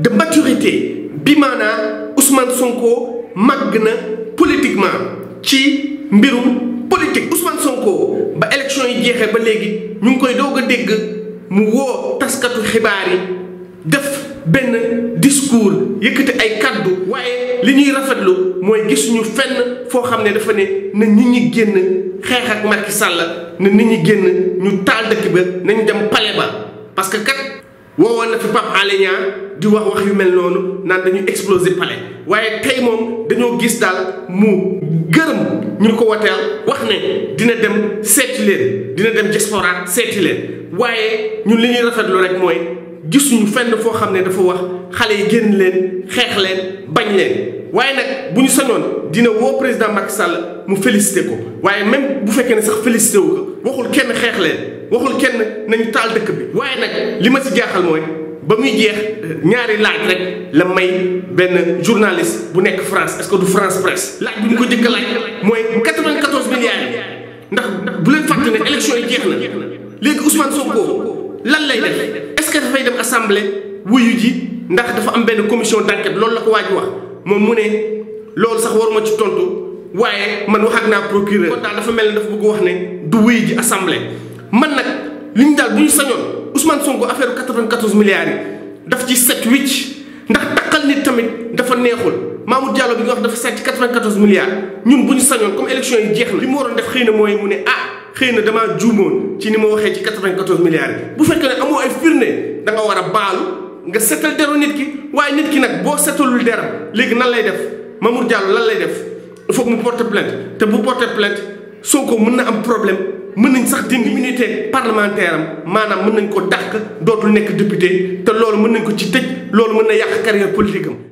de maturité Bimana, Ousmane Sonko magne politiquement ci mbirum politique Ousmane Sonko ba élection yi jeexee ba légui ñu koy doga a dégg mu wo taskatu xibaar yi def ben discours yëkëti ay kàddu waaye li ñuy rafetlu mooy gisuñu fenn fo xamné dafa ne na nit ñi génn xex ak Macky Sall na nit ñi génn ñu taal dëkk ba nañ dem palais ba parce que kat woowoon na fi Pape Alé Niang di wax wax yu mel noonu naan dañuy exploser palais waaye tey moom dañoo gis daal mu gërëm ñu ko wateel wax ne dina dem seeti leen dina dem diaspora seeti leen waaye ñun li ñuy rafetlu rek mooy gisuñu fenn foo xam ne dafa wax xale yi génn leen xeex leen bañ leen waaye nag bu ñu sañoon dina woo président Macky Sall mu félicité ko waaye même bu fekkee ne sax félicité wu ko waxul kenn xeex leen. waxul kenn nañu taal dëkk bi waaye nag li ma si jaaxal mooy ba muy jeex ñaari laaj rek la may benn journaliste bu nekk France est-ce que du France Presse laaj bi ñu ko jëkk laaj mooy 94 milliards ndax bu leen fàtte ne élection yi jeex na léegi Ousmane Sonko lan lay def ce que dafay dem assemblée wuyu ji ndax dafa am benn commission d'enquête loolu la ko waaj wax moom mu ne loolu sax waruma ci tontu waaye man wax ak naa procureur daal dafa mel ne dafa bëgg wax ne du wuyu ji assemblée man nag li ñu daal bu ñu sañoon Ousmane Sonko affaire 94 milliards yi daf ci set wicc ndax takkal nit tamit dafa neexul Mamour Diallo bi nga wax dafa sàcc 94 milliards ñun bu ñu sañoon comme élection yi jeex na li mu waroon def xëy na mooy mu ne ah xëy na damaa juumoon ci ni ma waxee ci 94 milliards yi bu fekkee ne amoo ay firnde da nga war a baalu nga setal deru nit ki waaye nit ki nag boo setalul deram léegi nan lay def Mamour Diallo lan lay def il faut que mu porte te bu porte plainte Sonko mën na am problème mën nañ sax immunité parlementaire am maanaam mën nañ koo dàq dootul nekk député te loolu mën nañ ko ci tëj loolu mën na yàq carrière politique am